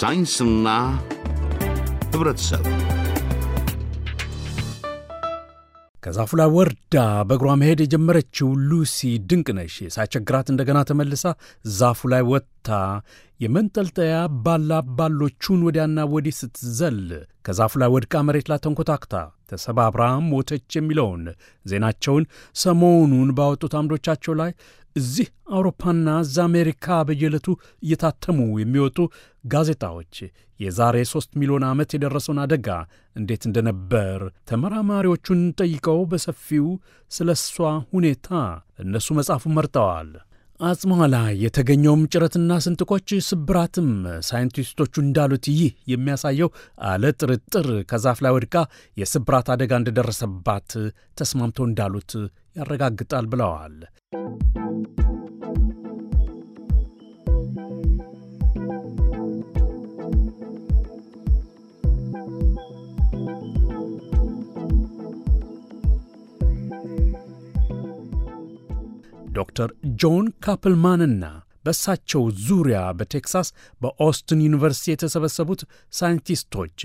ሳይንስና ሕብረተሰብ ከዛፉላ ወርድ ዳ በእግሯ መሄድ የጀመረችው ሉሲ ድንቅ ነሽ ሳይቸግራት እንደገና ተመልሳ ዛፉ ላይ ወጥታ የመንጠልጠያ ባላ ባሎቹን ወዲያና ወዲህ ስትዘል ከዛፉ ላይ ወድቃ መሬት ላይ ተንኮታክታ ተሰባብራ ሞተች የሚለውን ዜናቸውን ሰሞኑን ባወጡት አምዶቻቸው ላይ እዚህ አውሮፓና እዛ አሜሪካ በየዕለቱ እየታተሙ የሚወጡ ጋዜጣዎች የዛሬ ሦስት ሚሊዮን ዓመት የደረሰውን አደጋ እንዴት እንደነበር ተመራማሪዎቹን ጠይቀው በሰፊው ስለ እሷ ሁኔታ እነሱ መጻፉን መርጠዋል። አጽሟ ላይ የተገኘውም ጭረትና ስንጥቆች ስብራትም ሳይንቲስቶቹ እንዳሉት ይህ የሚያሳየው አለ ጥርጥር ከዛፍ ላይ ወድቃ የስብራት አደጋ እንደደረሰባት ተስማምተው እንዳሉት ያረጋግጣል ብለዋል። ዶክተር ጆን ካፕልማንና በእሳቸው ዙሪያ በቴክሳስ በኦስትን ዩኒቨርሲቲ የተሰበሰቡት ሳይንቲስቶች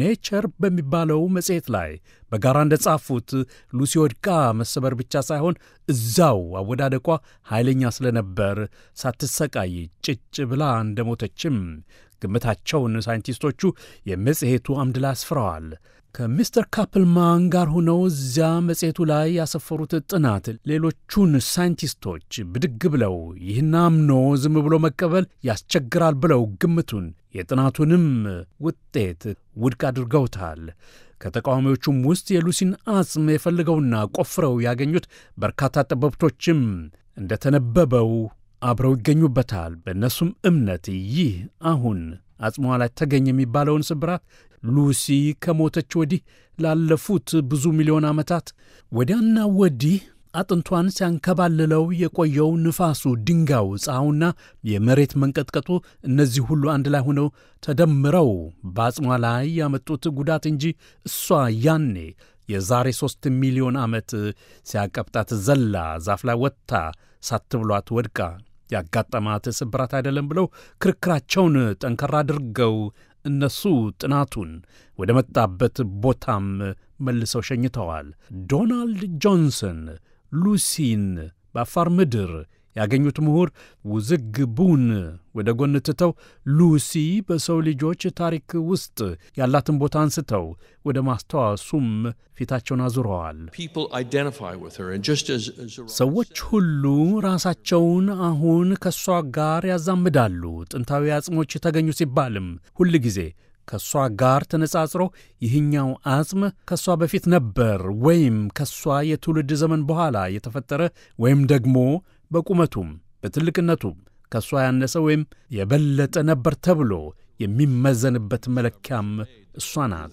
ኔቸር በሚባለው መጽሔት ላይ በጋራ እንደ ጻፉት ሉሲ ወድቃ መሰበር ብቻ ሳይሆን እዛው አወዳደቋ ኃይለኛ ስለነበር ሳትሰቃይ ጭጭ ብላ እንደሞተችም ግምታቸውን ሳይንቲስቶቹ የመጽሔቱ አምድ ላይ አስፍረዋል። ከሚስተር ካፕልማን ጋር ሆነው እዚያ መጽሔቱ ላይ ያሰፈሩት ጥናት ሌሎቹን ሳይንቲስቶች ብድግ ብለው ይህን አምኖ ዝም ብሎ መቀበል ያስቸግራል ብለው ግምቱን የጥናቱንም ውጤት ውድቅ አድርገውታል። ከተቃዋሚዎቹም ውስጥ የሉሲን አጽም የፈልገውና ቆፍረው ያገኙት በርካታ ጠበብቶችም እንደተነበበው አብረው ይገኙበታል። በእነሱም እምነት ይህ አሁን አጽሟ ላይ ተገኘ የሚባለውን ስብራት ሉሲ ከሞተች ወዲህ ላለፉት ብዙ ሚሊዮን ዓመታት ወዲያና ወዲህ አጥንቷን ሲያንከባልለው የቆየው ንፋሱ፣ ድንጋዩ፣ ፀሐውና የመሬት መንቀጥቀጡ እነዚህ ሁሉ አንድ ላይ ሆነው ተደምረው በአጽሟ ላይ ያመጡት ጉዳት እንጂ እሷ ያኔ የዛሬ ሦስት ሚሊዮን ዓመት ሲያቀብጣት ዘላ ዛፍ ላይ ወጥታ ሳትብሏት ወድቃ ያጋጠማት ስብራት አይደለም ብለው ክርክራቸውን ጠንከራ አድርገው እነሱ ጥናቱን ወደ መጣበት ቦታም መልሰው ሸኝተዋል። ዶናልድ ጆንሰን ሉሲን በአፋር ምድር ያገኙት ምሁር ውዝግቡን ወደ ጎን ትተው ሉሲ በሰው ልጆች ታሪክ ውስጥ ያላትን ቦታ አንስተው ወደ ማስታወሱም ፊታቸውን አዙረዋል። ሰዎች ሁሉ ራሳቸውን አሁን ከእሷ ጋር ያዛምዳሉ። ጥንታዊ አጽሞች ተገኙ ሲባልም ሁል ጊዜ ከእሷ ጋር ተነጻጽሮ ይህኛው አጽም ከእሷ በፊት ነበር ወይም ከእሷ የትውልድ ዘመን በኋላ የተፈጠረ ወይም ደግሞ በቁመቱም በትልቅነቱም ከእሷ ያነሰ ወይም የበለጠ ነበር ተብሎ የሚመዘንበት መለኪያም እሷ ናት።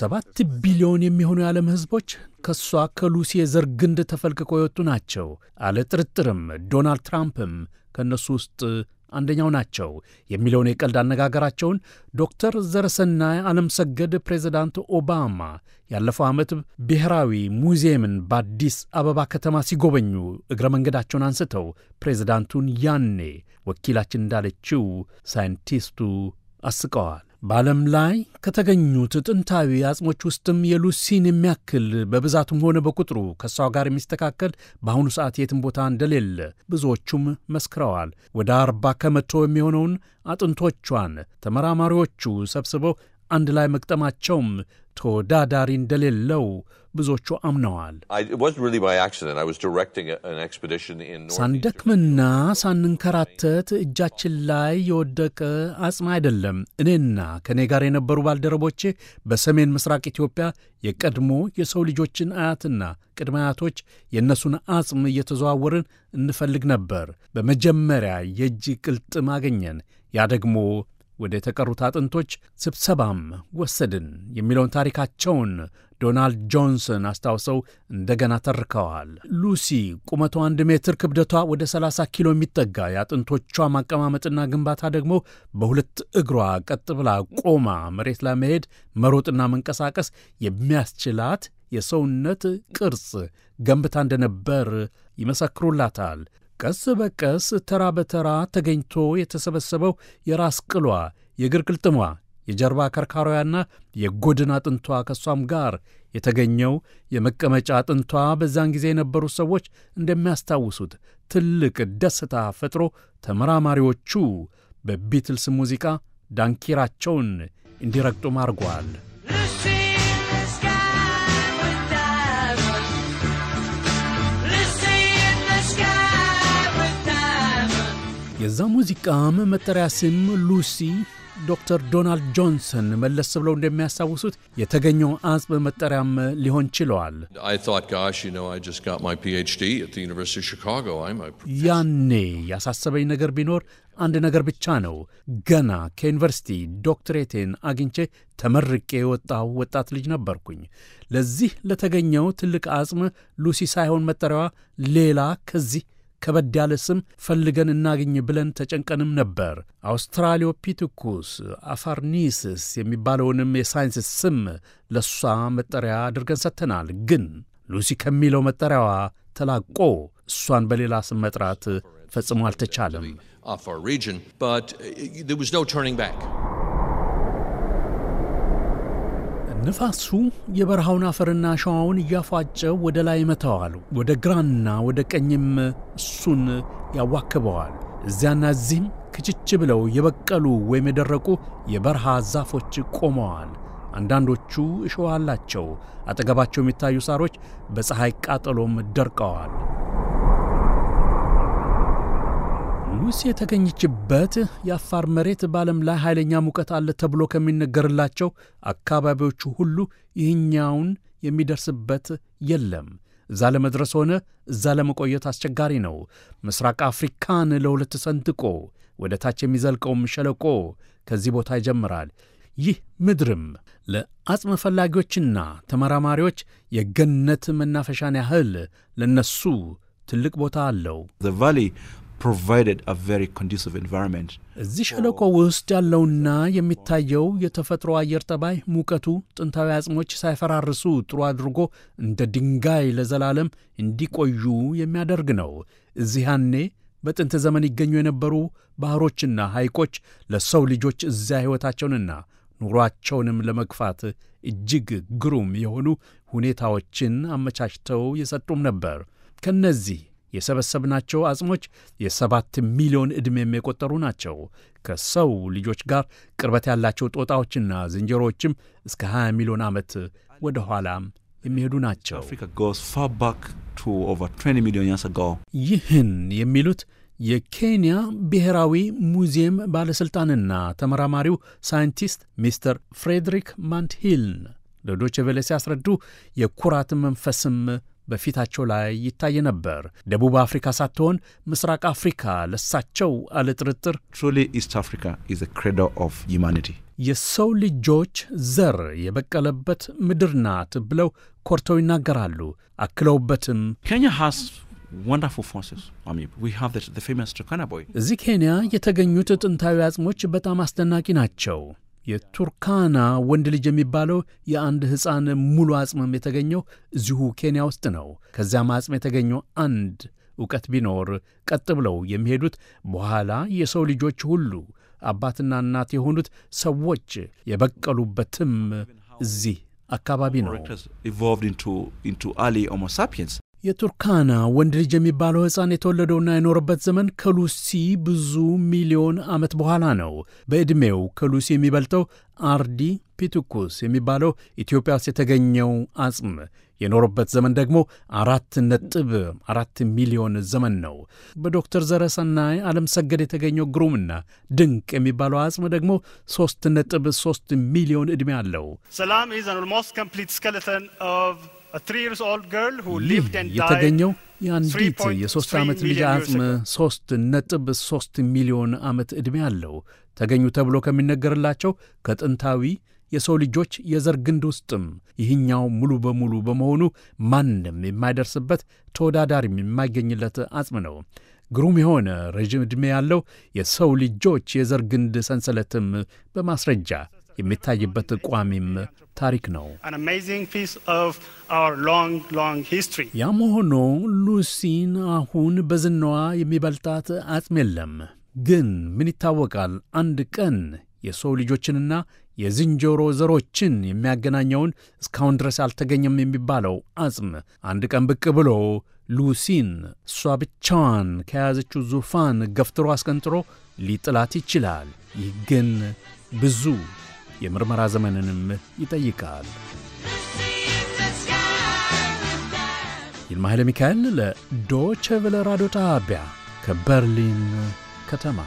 ሰባት ቢሊዮን የሚሆኑ የዓለም ሕዝቦች ከእሷ ከሉሲ የዘር ግንድ ተፈልቅቆ የወጡ ናቸው። አለ ጥርጥርም ዶናልድ ትራምፕም ከእነሱ ውስጥ አንደኛው ናቸው የሚለውን የቀልድ አነጋገራቸውን ዶክተር ዘረሰና አለምሰገድ ፕሬዚዳንት ኦባማ ያለፈው ዓመት ብሔራዊ ሙዚየምን በአዲስ አበባ ከተማ ሲጎበኙ እግረ መንገዳቸውን አንስተው ፕሬዚዳንቱን ያኔ ወኪላችን እንዳለችው ሳይንቲስቱ አስቀዋል። በዓለም ላይ ከተገኙት ጥንታዊ አጽሞች ውስጥም የሉሲን የሚያክል በብዛቱም ሆነ በቁጥሩ ከእሷ ጋር የሚስተካከል በአሁኑ ሰዓት የትም ቦታ እንደሌለ ብዙዎቹም መስክረዋል። ወደ አርባ ከመቶ የሚሆነውን አጥንቶቿን ተመራማሪዎቹ ሰብስበው አንድ ላይ መግጠማቸውም ተወዳዳሪ እንደሌለው ብዙዎቹ አምነዋል። ሳንደክምና ሳንንከራተት እጃችን ላይ የወደቀ አጽም አይደለም። እኔና ከእኔ ጋር የነበሩ ባልደረቦቼ በሰሜን ምስራቅ ኢትዮጵያ የቀድሞ የሰው ልጆችን አያትና ቅድመ አያቶች የእነሱን አጽም እየተዘዋወርን እንፈልግ ነበር። በመጀመሪያ የእጅ ቅልጥም አገኘን። ያ ደግሞ ወደ የተቀሩት አጥንቶች ስብሰባም ወሰድን የሚለውን ታሪካቸውን ዶናልድ ጆንሰን አስታውሰው እንደገና ተርከዋል። ሉሲ ቁመቷ አንድ ሜትር ክብደቷ ወደ 30 ኪሎ የሚጠጋ የአጥንቶቿ ማቀማመጥና ግንባታ ደግሞ በሁለት እግሯ ቀጥ ብላ ቆማ መሬት ለመሄድ መሮጥና መንቀሳቀስ የሚያስችላት የሰውነት ቅርጽ ገንብታ እንደነበር ይመሰክሩላታል። ቀስ በቀስ ተራ በተራ ተገኝቶ የተሰበሰበው የራስ ቅሏ፣ የእግር ቅልጥሟ፣ የጀርባ ከርካሮያና የጎድን አጥንቷ ከእሷም ጋር የተገኘው የመቀመጫ አጥንቷ በዛን ጊዜ የነበሩ ሰዎች እንደሚያስታውሱት ትልቅ ደስታ ፈጥሮ ተመራማሪዎቹ በቢትልስ ሙዚቃ ዳንኪራቸውን እንዲረግጡም አድርጓል። የዛ ሙዚቃም መጠሪያ ስም ሉሲ ዶክተር ዶናልድ ጆንሰን መለስ ብለው እንደሚያስታውሱት የተገኘው አጽም መጠሪያም ሊሆን ችለዋል። ያኔ ያሳሰበኝ ነገር ቢኖር አንድ ነገር ብቻ ነው። ገና ከዩኒቨርሲቲ ዶክትሬቴን አግኝቼ ተመርቄ የወጣው ወጣት ልጅ ነበርኩኝ። ለዚህ ለተገኘው ትልቅ አጽም ሉሲ ሳይሆን መጠሪያዋ ሌላ ከዚህ ከበድ ያለ ስም ፈልገን እናገኝ ብለን ተጨንቀንም ነበር። አውስትራሊዮፒቲኩስ አፋርኒስስ የሚባለውንም የሳይንስ ስም ለሷ መጠሪያ አድርገን ሰጥተናል። ግን ሉሲ ከሚለው መጠሪያዋ ተላቆ እሷን በሌላ ስም መጥራት ፈጽሞ አልተቻለም። ንፋሱ የበረሃውን አፈርና ሸዋውን እያፏጨው ወደ ላይ መተዋል። ወደ ግራና ወደ ቀኝም እሱን ያዋክበዋል። እዚያና እዚህም ክችች ብለው የበቀሉ ወይም የደረቁ የበረሃ ዛፎች ቆመዋል። አንዳንዶቹ እሾህ አላቸው። አጠገባቸው የሚታዩ ሳሮች በፀሐይ ቃጠሎም ደርቀዋል። ውስ የተገኘችበት የአፋር መሬት በዓለም ላይ ኃይለኛ ሙቀት አለ ተብሎ ከሚነገርላቸው አካባቢዎቹ ሁሉ ይህኛውን የሚደርስበት የለም። እዛ ለመድረስ ሆነ እዛ ለመቆየት አስቸጋሪ ነው። ምስራቅ አፍሪካን ለሁለት ሰንጥቆ ወደ ታች የሚዘልቀውም ሸለቆ ከዚህ ቦታ ይጀምራል። ይህ ምድርም ለአጽመ ፈላጊዎችና ተመራማሪዎች የገነት መናፈሻን ያህል ለነሱ ትልቅ ቦታ አለው። provided a very conducive environment እዚህ ሸለቆ ውስጥ ያለውና የሚታየው የተፈጥሮ አየር ጠባይ ሙቀቱ ጥንታዊ አጽሞች ሳይፈራርሱ ጥሩ አድርጎ እንደ ድንጋይ ለዘላለም እንዲቆዩ የሚያደርግ ነው። እዚህ ያኔ በጥንት ዘመን ይገኙ የነበሩ ባሕሮችና ሐይቆች ለሰው ልጆች እዚያ ሕይወታቸውንና ኑሯቸውንም ለመግፋት እጅግ ግሩም የሆኑ ሁኔታዎችን አመቻችተው የሰጡም ነበር። ከነዚህ የሰበሰብናቸው አጽሞች የሰባት ሚሊዮን ዕድሜ የሚቆጠሩ ናቸው። ከሰው ልጆች ጋር ቅርበት ያላቸው ጦጣዎችና ዝንጀሮዎችም እስከ 20 ሚሊዮን ዓመት ወደ ኋላም የሚሄዱ ናቸው። ይህን የሚሉት የኬንያ ብሔራዊ ሙዚየም ባለሥልጣንና ተመራማሪው ሳይንቲስት ሚስተር ፍሬድሪክ ማንትሂልን ለዶቼ ቬለ ሲያስረዱ የኩራት መንፈስም በፊታቸው ላይ ይታይ ነበር። ደቡብ አፍሪካ ሳትሆን ምስራቅ አፍሪካ ለሳቸው አለ ጥርጥር የሰው ልጆች ዘር የበቀለበት ምድር ናት ብለው ኮርተው ይናገራሉ። አክለውበትም እዚህ ኬንያ የተገኙት ጥንታዊ አጽሞች በጣም አስደናቂ ናቸው። የቱርካና ወንድ ልጅ የሚባለው የአንድ ሕፃን ሙሉ አጽምም የተገኘው እዚሁ ኬንያ ውስጥ ነው። ከዚያም አጽም የተገኘው አንድ እውቀት ቢኖር ቀጥ ብለው የሚሄዱት በኋላ የሰው ልጆች ሁሉ አባትና እናት የሆኑት ሰዎች የበቀሉበትም እዚህ አካባቢ ነው። የቱርካና ወንድ ልጅ የሚባለው ሕፃን የተወለደውና የኖረበት ዘመን ከሉሲ ብዙ ሚሊዮን ዓመት በኋላ ነው። በዕድሜው ከሉሲ የሚበልጠው አርዲ ፒቱኩስ የሚባለው ኢትዮጵያ ውስጥ የተገኘው አጽም የኖረበት ዘመን ደግሞ አራት ነጥብ አራት ሚሊዮን ዘመን ነው። በዶክተር ዘረሰናይ ዓለም ሰገድ የተገኘው ግሩምና ድንቅ የሚባለው አጽም ደግሞ ሶስት ነጥብ ሶስት ሚሊዮን ዕድሜ አለው። ይህ የተገኘው የአንዲት የሦስት ዓመት ልጅ አጽም ሦስት ነጥብ ሦስት ሚሊዮን ዓመት ዕድሜ አለው። ተገኙ ተብሎ ከሚነገርላቸው ከጥንታዊ የሰው ልጆች የዘር ግንድ ውስጥም ይህኛው ሙሉ በሙሉ በመሆኑ ማንም የማይደርስበት ተወዳዳሪም የማይገኝለት አጽም ነው። ግሩም የሆነ ረዥም ዕድሜ ያለው የሰው ልጆች የዘር ግንድ ሰንሰለትም በማስረጃ የሚታይበት ቋሚም ታሪክ ነው። ያም ሆኖ ሉሲን አሁን በዝናዋ የሚበልጣት አጽም የለም። ግን ምን ይታወቃል፣ አንድ ቀን የሰው ልጆችንና የዝንጀሮ ዘሮችን የሚያገናኘውን እስካሁን ድረስ አልተገኘም የሚባለው አጽም አንድ ቀን ብቅ ብሎ ሉሲን እሷ ብቻዋን ከያዘችው ዙፋን ገፍትሮ አስቀንጥሮ ሊጥላት ይችላል። ይህ ግን ብዙ የምርመራ ዘመንንም ይጠይቃል። ይልማ ኃይለ ሚካኤል ለዶቸ ቨለ ራዲዮ ጣቢያ ከበርሊን ከተማ